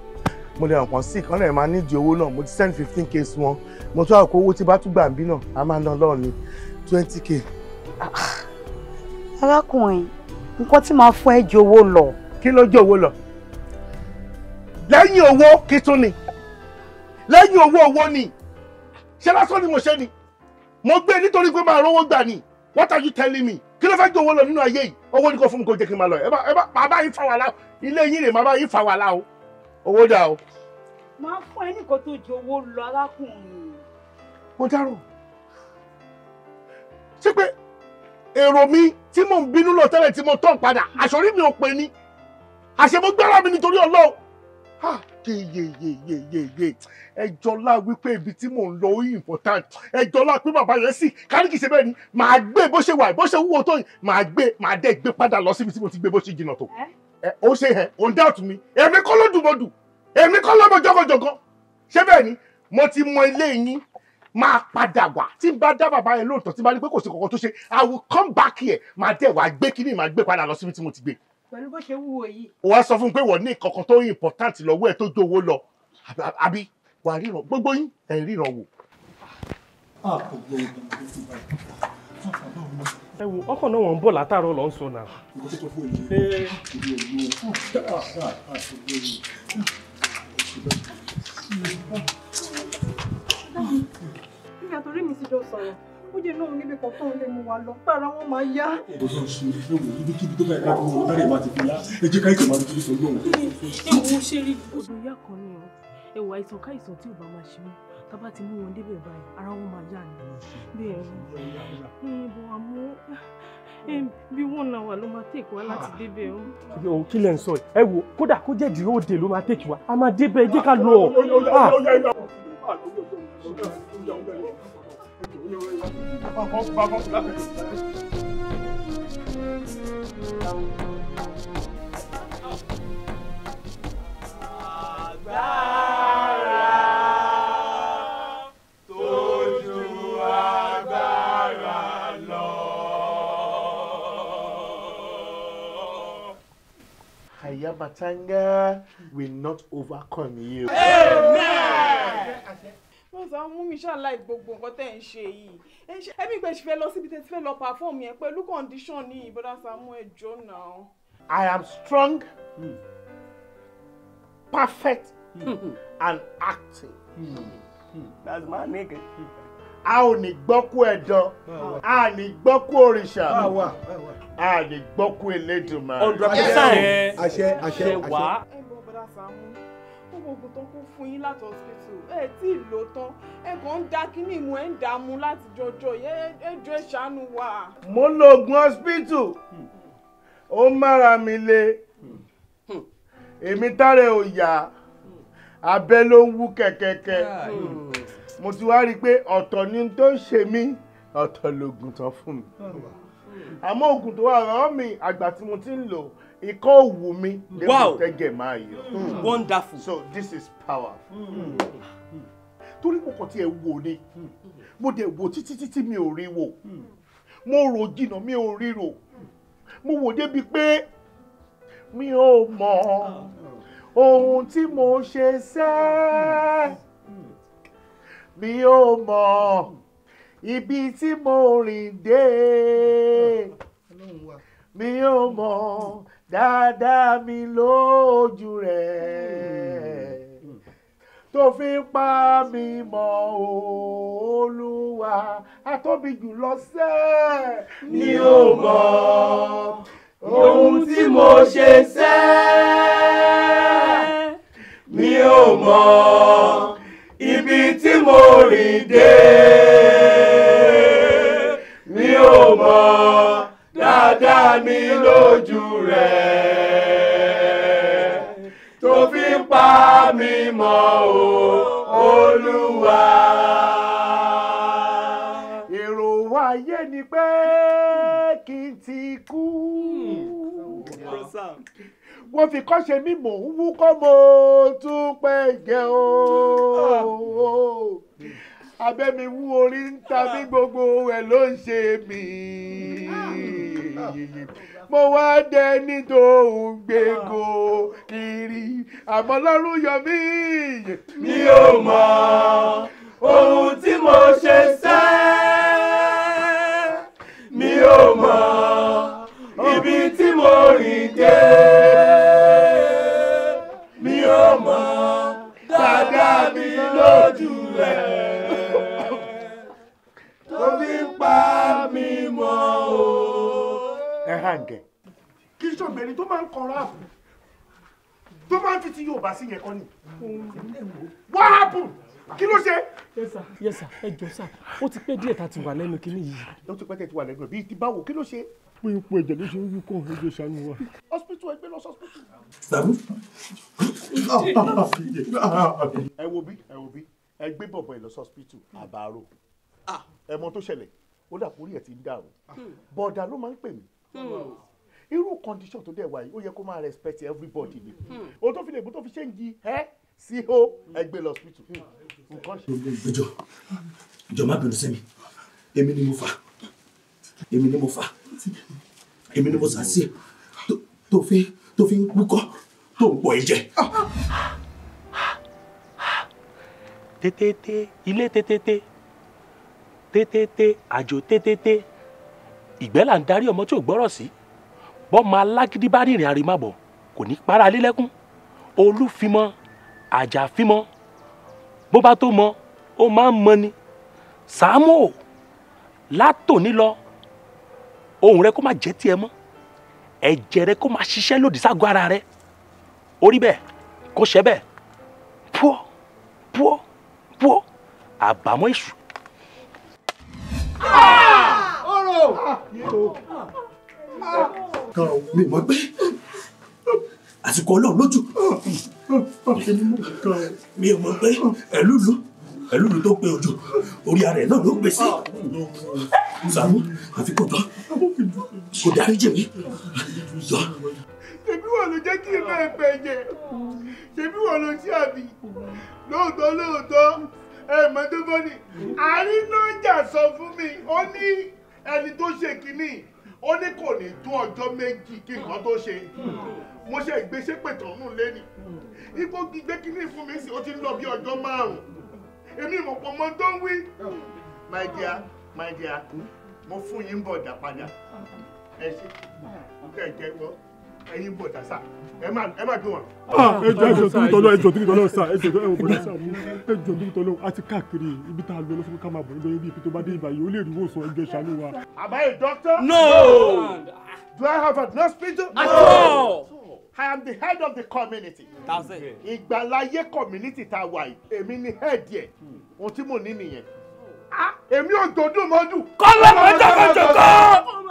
mo lè ọ̀kan sí ìkànnì ẹ̀ máa nídìí owó náà mo ti send fifteen k sí wọn mo tún àkó owó tí bá tún gbà ń bí náà a máa ná lọ́ọ̀ ni twenty k. Ah, arákùnrin nǹkan tí màá fún ẹ ju owó lọ. kí ló jẹ́ owó lọ lẹ́yìn owó kí tún ni lẹ́yìn owó owó ni ṣé lásán ni mo ṣe ni mo gbé e nítorí pé máa rówó gbà ni what are you telling me kí ló fẹ́ jẹ́ owó lọ nínú ayé yìí owó ni kò fún mi kò jẹ́ kí n máa lọ ẹ bá ẹ bá màá bá yín fa wàhálà ilé yín rè màá bá yín fa wàhálà o owó dà o. máa fún ẹ nìkan tó ju owó lọ arákùnrin. mo dárò ṣé pé èrò mi tí mò ń bínú lọ tẹ́lẹ̀ tí mo tán padà àṣọrí mi ò pè ní àṣemọ́gbẹ́rọ̀ mi nítorí Ọlọ́run yeyeyeyeye ẹjọlá wípé ibi tí mò ń lọ ó important ẹjọlá pé bàbá yẹn sì káríkì ṣe bẹ́ẹ̀ ni màá gbé bó ṣe wà bó ṣe wúwo tó yìí màá gbé màá dẹ́ gbé padà lọ síbi tí mo ti gbé bó ṣe jìnnà tó ó ṣe hẹ òun dá òtún mi èmi kọ́ ló dùn mọ́ dùn èmi kọ́ ló mọ jọgọjọgọ ṣé bẹ́ẹ̀ ni mo ti mọ ilé yín máa padà wá tí n bá dá bàbá yẹn lóòótọ́ tí n bá ní pé kò sí kankan tó i will come back here màá dẹ̀ wá gbé kíní màá gbé padà lọ síbi tí mo ti gbé pẹ̀lú bó ṣe wúwo yìí. wọ́n á sọ fún un pé wọ́n ní kankan tó important lọ́wọ́ ẹ̀ tó jówó lọ àbí wàá ríran gbogbo yín ẹ̀ ríran wò. Ah, ẹ wo ọkọ náà wọn ń bọ̀ látàárọ̀ lọ ń sọ náà. nígbà rí mi sí jọ sọ̀rọ̀ oúnjẹ náà níbi kan tó lè mú wa lọ pé ara wọn máa yá. ọ̀rọ̀ sọ ṣe é wò ibi kíbi tó báyìí káàkiri wọn dáre máa ti fi yá ẹ jẹ́ káyìí kò máa dojú sọ lóhùn. ẹ wo ṣe rí odò ìyá kan ni ọ ẹ wà àìsàn káìsàn tí ò bá máa ṣe mí tá bá ti mú wọn débẹ̀ báyìí ara wọn máa yá ni. bẹ́ẹ̀ ni ìbọn àmọ́ bí one hour ló máa take wa láti débẹ̀ o. yòò kí lẹ ń sọ ẹ wò kódà kó jẹ́ ìdí òde ló máa take wa a máa débẹ̀ ẹ jẹ́ ká lọ. Agbára tó ju agbára will not overcome you. Amen. Amen wọ́n sọ mú mi ṣàlàyé gbogbo nǹkan tẹ̀ ń ṣe yìí ẹ̀mí ìgbẹ́ ṣe fẹ́ lọ síbi tẹ̀ ti fẹ́ lọ perform yẹn pẹ̀lú condition ní ìbọ̀dá Sàámú ẹjọ́ náà. I am strong mm. perfect mm. and active mm. that's my nigga. Mm. a ò ní gbọ́kú ẹ̀dán a ò ní gbọ́kú òrìṣà a ò ní gbọ́kú elédùnmá. ọ̀dọ̀ àṣẹ àṣẹ àṣẹ wá. ẹ bọ̀ bọ̀dá Sàámú oògùn tó kún fún yín láti hospital ẹ tí ì lò tán ẹ kàn ń da kíní ìmú ẹ ń dààmú láti jọjọ ẹ jọ ẹ ṣàánú wa. mo lo oògùn hospital ó mára mi le èmi tára ò yá abẹ́ ló ń wú kẹ̀kẹ́kẹ́ mo ti wá rí i pé ọ̀tọ̀ ni tó ń ṣe mí ọ̀tọ̀ lògùn tán fún mi àmọ́ oògùn tó wà rán mi àgbà tí mo ti ń lò ikọ́ òwú mi lè mú hmm. hmm. wonderful. so this is power. Hmm. torí mo kàn tiẹ̀ wò ni mo dẹ̀ wò títí títí mi ò rí wò mo rò jìnnà mi ò ríro mo wò débi pé mi ò mọ ah. ohun tí mo ṣe sẹ́ẹ̀ mi ò mọ ibi tí mo rìn dé mi ò mọ Dada mi lójú rẹ̀ tó fi pa mi mọ́ olúwa atóbi jùlọ sẹ́ ni ó mọ̀ ohun tí mo ṣe sẹ́ mi ò mọ̀ ibi tí mo rìn dé mi ò mọ̀ dá mi lójú rẹ̀ tó fi pa mí mọ́ o olúwa. èrò ayé ni pé kí n ti kú wọ́n fi kọ́ ṣe mí mò ń wú mo tún pẹ́ jẹ́ o. abẹ́mi wú orí ń ta mí gbogbo ẹ̀ ló ń ṣe mí yeye mo wá dẹni tó ń gbégo kiri àmọ́ lọ́rùn yọ mí. mi ò mọ ohun tí mo ṣe sẹ́ mi ò mọ ibi tí mo rìn dé mi ò mọ dáadáa mi lójú rẹ̀. kàǹgẹ̀ kì í ṣògbẹ́ni tó máa ń kọ ráàpù tó máa ń fi Yorùbá sí yẹn kọ́ ni. what kí ló ṣe. yes sir yes sir ẹ jọ sá ó ti pẹ́ díẹ̀ tá a ti wà lẹ́nu kínní yìí. ó ti pẹ́ tẹ̀ ti wà lẹ́nu bíi ti báwo kí ló ṣe. pé ipò ẹ̀jẹ̀ ló ṣe ń yí kọ́ ẹjọ́ ṣàánú wa. hospital ẹgbẹ́ lọ hospital. ẹ wo bí ẹ wo bí ẹ gbé bọ̀bọ̀ ẹ lọ hospital àbárò ah. ẹ mọ tó ṣẹlẹ̀ ó dà kórìí ẹ ti ń dàrú hmm. bọ̀dà ló máa ń pè mí Hmm. Hmm. irú condition tó dẹ̀ wá yìí ó yẹ kó máa respect everybody ni hmm. o tó fi lè bó tó fi ṣe ń di ẹ́ sí ó e ẹgbẹ́ lọ hospital nǹkan ṣe. ìjọ ìjọ má bínú sí mi èmi ni mo fà èmi ni mo fà èmi ni mo sà sí tó fi tó fi ń wúkọ́ tó ń pọ̀ ẹ̀jẹ̀. tètè ilé tètè tètè àjò tètè ìgbẹ́ là ń darí ọmọ tí ò gbọ́rọ̀ sí bọ́mọ alágídí bá rìnrìn àrèmábọ̀ kò ní para alélẹ́kún olúfimọ́ àjàfimọ́ bó bá tó mọ ó máa ń mọ ni sàámù ò látòní lọ ohun rẹ kó má jẹ́ tiẹ̀ mọ́ ẹ̀jẹ̀ rẹ kó má ṣiṣẹ́ lòdì ságọ́ ara rẹ orí bẹ́ẹ̀ kó ṣe bẹ́ẹ̀ púọ́ púọ́ púọ́ àbámọ̀ èṣù. Ah! kan ò mi mọ̀ pé àsìkò ọlọ́run lójú mi ò mọ̀ pé ẹ̀lúlu ẹ̀lúlu tó pe òjò orí ara ẹ̀ náà ló pèsè sàmú àfi kò jọ kò dárí jẹ mí jọ. ṣebí wọn ló jẹ́ kí n máa pẹ̀ jẹ ṣebí wọn ló ṣe àbí lóòótọ́ lóòótọ́ ẹ̀ mọ́tò bọ́ni àárín ló ń jà sọ fún mi ó ní ẹni tó ṣe kínní ó ní kò ní tún ọjọ́ méjì kí nǹkan tó ṣe mo ṣe ìgbésẹ̀ pẹ̀tàn nù lẹ́nu ipò gbígbé kínní fún mi sì ó ti ń lọ bí ọjọ́ márùn èmi ìmọ̀ pọ̀ mọ́ tó ń wí. my dear my dear mo fún yín bọ̀ dá padà ẹ ṣe kẹ́ ẹ ẹ̀yin bọ̀ dà sá ẹ má ẹ má gbé ah, ẹ jọ ẹ jọ torí tọ́lọ́ ẹ jọ torí tọ́lọ́ sá ẹ jọ ẹ wò sá ẹ jọ torí tọ́lọ́ a ti káàkiri ibi tá a lọ lọ́sọ̀kọ́ ká máa bọ̀ níbẹ̀ ibi tó bá dé ìbàyè ó lè rí wòsàn ẹjọ ìṣàlù wa. am I a doctor? no. do I have a hospital? No. all. I am the head of the community. That's it. Ìgbàláyé community ta wà yìí. Èmi ni head yẹ. Ohun tí mo ní nìyẹn ah, èmi ò dòdò mọ́dù. kọ́lọ́ mọ́jọ́ mọ́jọ́ kọ́.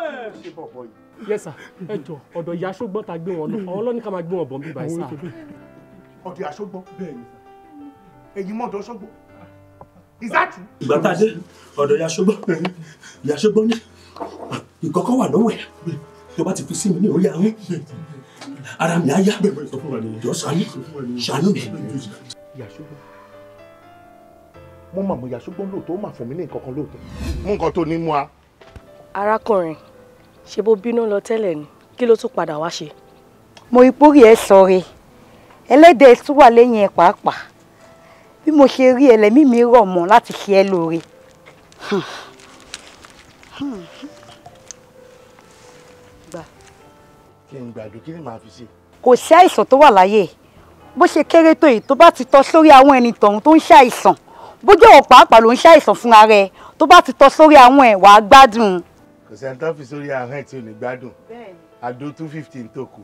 ṣé bọ̀bọ̀ yìí yes sir ẹ jọ ọ̀dọ̀ ìyá aṣọ́gbọ́n ta gbé wọn lọ àwọn ọlọ́ni ká máa gbé wọn bọ̀ bí báyìí sá. ọ̀dọ̀ aṣọ́gbọ́n bẹ́ẹ̀ ni ẹ̀yin mọ̀ ọ̀dọ̀ aṣọ́gbọ́n is that true. ìgbà tá a dé ọ̀dọ̀ ìyá aṣọ́gbọ́n ìyá aṣọ́gbọ́n ní ìkọ́kọ́ wà lọ́wọ́ ẹ̀ tó bá ti fi sí mi ní orí àwọn ara mi á yá jọ ṣàánú ṣàánú mi. ìyá aṣọ́gbọ́n mo mà mọ ìyá aṣọ́gbọ́n lóòótọ́ ó mà fún mi ní nǹkan kan lóòótọ́ mú nǹkan tó ní mú a. arákùnrin ṣe bó bínú lọ tẹ́lẹ̀ ni kí ló tún padà wá ṣe. mo ìpórí ẹ sọre ẹlẹ́dẹ̀ tún wà lẹ́yìn ẹ pàápàá bí mo ṣe rí ẹlẹ́mí mi rọ̀ mọ́ láti ṣe ẹ lóore. Hmm. Hmm. ni màá fi ṣe. kò sí àìsàn tó wà láyé bó ṣe kéré tó yìí tó bá ti tọ́ sórí àwọn ẹni tọ̀hún tó ń ṣàìsàn bójú ọ̀pọ̀ pàápàá ló ń ṣàìsàn fúnra rẹ̀ tó bá ti tọ́ sórí àwọn ẹ̀ wàá gbádùn kò sẹ́ni tó fi sórí ahọ́n ẹ̀ tí ò ní gbádùn àdó two fifty tó kù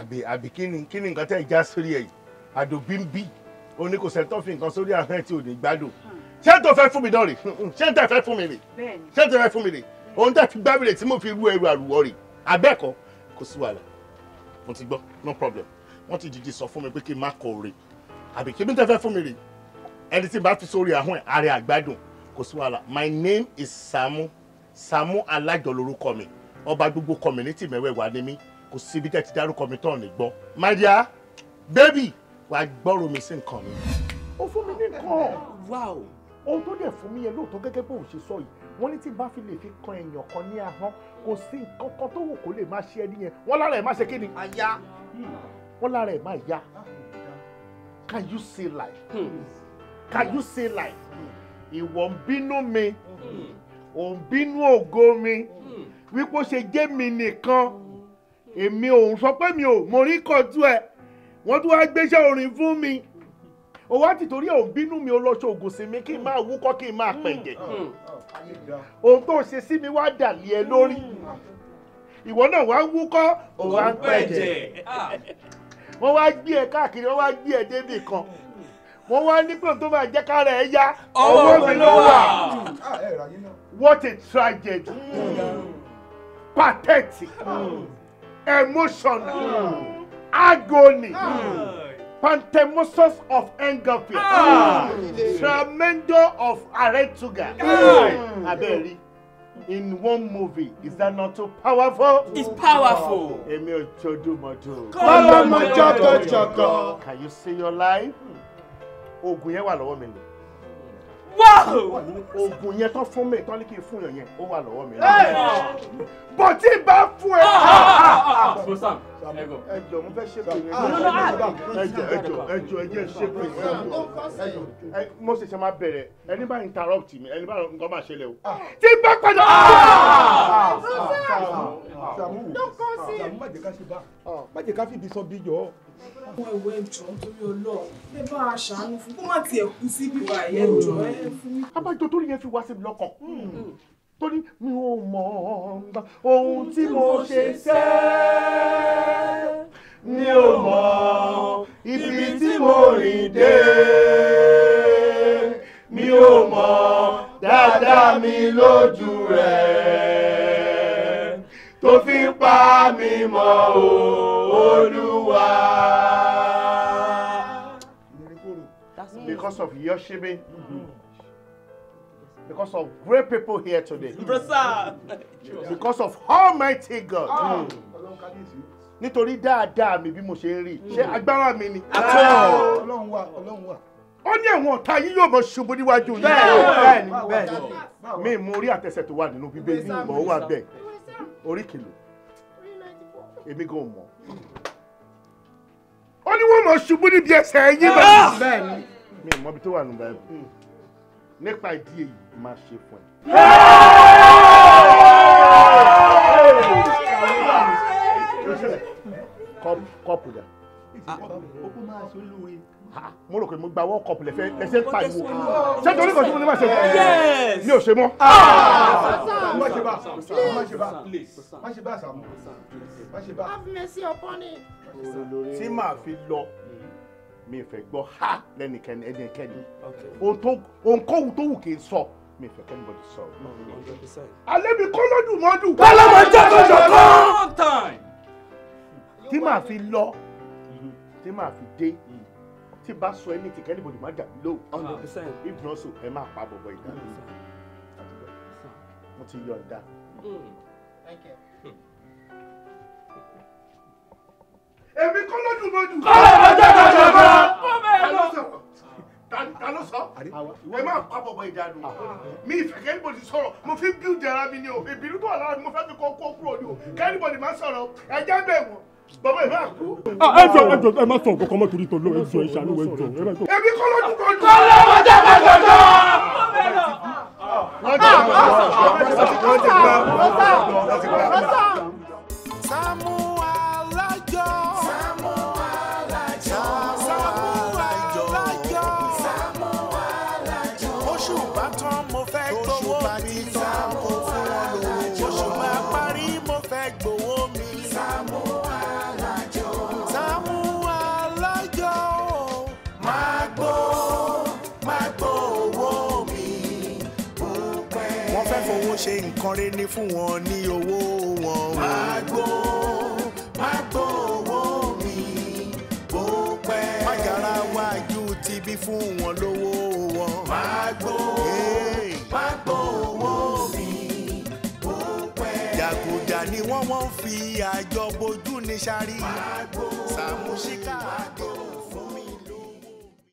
àbí àbí kí ni kí ni nǹkan tẹ́ ẹ já sórí ẹ̀ yìí àdó bímbí ó ní kò sẹ́ni tó fi nǹkan sórí ahọ́n ẹ̀ tí ò ní gbádùn hmm. ṣé tó fẹ́ fún mi dán rè hmm, ṣé tẹ́ fẹ́ fún mi rè ṣé tẹ́ fẹ́ fún mi rè òun tẹ́ fi gbábí rè tí mo fi rú ẹrù àrùwọ̀ rè abẹ́ẹ̀kọ́ kò sí wàhálà mo ti gbọ́ no problem wọ́n ti dìde sọ fún mi pé kí n má kọ̀ rè àbí kí n tẹ́ fẹ́ fún mi rè ẹni tí n bá fi sórí ahọ́n ẹ̀ àrẹ àgbádùn kò sí wàhálà my name is Sàámú Sàámú Alájọ lorúkọ mi ọba gbogbo community mẹ́wẹ̀ẹ̀wá ni mí kò síbi tẹ́ ti dárúkọ mi tán ní gbọ́ my dear baby wàá gbọ́rọ̀ mi sí nǹkan mi. ó fún mi ní nǹkan. wow. ohun tó dẹ̀ fún mi yẹn lóòótọ́ gẹ́gẹ́ bó ṣe sọ yìí wọ́n ní tí bá fi lè fi kan èèyàn kan ní ahọ́n kò sí nǹkan kan tó wù kó lè máa ṣe ẹni yẹn wọ́n lára ẹ̀ máa ṣe kí ni. àyà wọ́n lára ẹ̀ máa yá can you say life hmm. can you say life ìwọ ń bínú mi hmm. ò ń bínú ògo mi hmm. wípé ó ṣe jẹ́ mi nìkan èmi ò ń sọ pé mi ò mo rí kọjú ẹ wọ́n tún wá gbéṣẹ́ orin fún mi ó wá ti torí ò ń bínú mi ó lọ ṣe ògùn sí mi kí n máa hmm. wúkọ́ kí n máa pẹ̀jẹ̀ ohun tó ṣe sí mi wá dàlí ẹ lórí ìwọ náà wá wúkọ́ ò wá ń pẹ̀jẹ̀ ah. wọ́n wá gbé ẹ káàkiri wọ́n wá gbé ẹ débì kan wọ́n wá nígbà tó máa jẹ́ kára ẹ̀ yá ọwọ́ mi ló wà ah, what a tragedy mm. pathetic mm. emotional mm. agony. Pantemosos of Engafia, ah. Tremendo of Aretuga. Abẹ́rí, in one movie, is that not too powerful? It's powerful. Èmi ò jọdún mọ́jú. Kọ́lọ́mọ Can you see your life? Mm oògùn yẹn wà lọ́wọ́ mi ni. oògùn yẹn tó fún mi tó ní kí n fún yàn yẹn ó wà lọ́wọ́ mi ni. bó tí bá fún ẹ. Ah, ah, ah, ẹ mo fẹ́ ṣe pé ẹ jọ ẹ jọ ṣe pé ẹ mo ṣẹ̀ṣẹ̀ máa bẹ̀rẹ̀ ẹni bá interrupt mi ẹni bá nǹkan máa ṣẹlẹ̀ o. tí bá padà. sàmú sàmú má jẹ́ ká ṣe bá má jẹ́ ká fìdí sọ bí jọ àwọn ìwé ìjọ nítorí Ọlọ́run ẹ bá a ṣàánú fún kó má tiẹ̀ kú síbi wà yẹn jọ ẹ fún mi. abájọ tó yẹ fi wá sí mi lọ́kàn mi ò mọ ohun tí mo ṣe ṣe mi ò mọ ibi tí mo rìn dé mi ò mọ dáadáa mi lójú rẹ̀ tó fi pa mí mọ́ olúwa. Because of Yoshibi, mm because of great people here today, because of Almighty God. Ah. Hmm. nítorí dáadáa mi bí mo ṣe ń rí hmm. ṣé agbára mi ni. àtọ́ ó ní ẹ̀wọ̀n ọ̀tá yín yóò mọ ṣubú níwájú yìí. bẹ́ẹ̀ ni bẹ́ẹ̀ mú orí àtẹsẹ̀ tó wà nínú bíbélì ìmọ̀ ó wà bẹ́ẹ̀ orí kìlò èmi gan mọ̀ ó ní wọ́n mọ̀ ṣubú níbi ẹsẹ̀ ẹ̀yìn bá ah! bẹ́ẹ̀ ni mi mọ̀ ibi tó wà nù báyìí nípa ìdí èyí máa ṣe fún ẹ. kọ́pù kọ́pù dà. Ah! ó kó máa ṣe olóore mo rò pé mo gba world cup lẹ́sẹ̀ lẹ́sẹ̀ ń pariwo ṣé torí kan tí mo ní má ṣe fún mi mi ò ṣe mọ́. Ah. Ah. má ṣe bá má ṣe bá má ṣe bá Sàámú má ṣe bá. have mercy upon him. tí màá fi lọ mi fẹ́ gbọ́ ha lẹ́nikẹ́ni ẹnikẹ́ni ohunkóhun tó wù kí n sọ mi fẹ́ kẹ́ni bọ́dí sọ. alẹ́ mi kọ́ lọ́dún mọ́dún. kọ́lọ́mọ jẹ́ kọ́jọ kan. tí màá fi lọ tí màá fi dé tí bá sọ ẹni tí kẹ́lí bòdì má hundred percent if not so ẹ máa pa bọ̀bọ̀ ìdá mo ti yọ ọ̀dà. Mm. Hmm. èmi kọ́ ló dùn lójú. kọ́ ló dùn lójú ọ̀dà. ta ló sọ ẹ máa pa bọ̀bọ̀ ìdá nù ah. mi ìfẹ́ kẹ́lí bòdì sọ̀rọ̀ mo fi build ara mi ni o ìbínú tó wà lára mi mo fẹ́ fi kọ́ kó kúrò ni o kẹ́lí bòdì má sọ̀rọ̀ ẹ jẹ́ bẹ́ẹ̀ wọ̀ bàbá ìbá kú. Ah, ẹ jọ ẹ jọ ẹ má sọ nǹkan mọ́ torí tó lọ ẹ jọ ẹ ṣàánú ẹ jọ. èmi kọ́ lójú kan jù. kọ́lá wọn jẹ́ pàtó jọ. wọ́n jẹ́ pàtó jọ. wọ́n jẹ́ pàtó jọ. fún wọn ní owó wọn. Magbo Magbo owó mi bó pẹ́. Mágara wájú ti bí fún wọn lówó wọn. Magbo Magbo owó mi bó pẹ́. Jàgùjà ni wọ́n wọ́n fi àjọ bojú ní sáré. Magbo Magbo.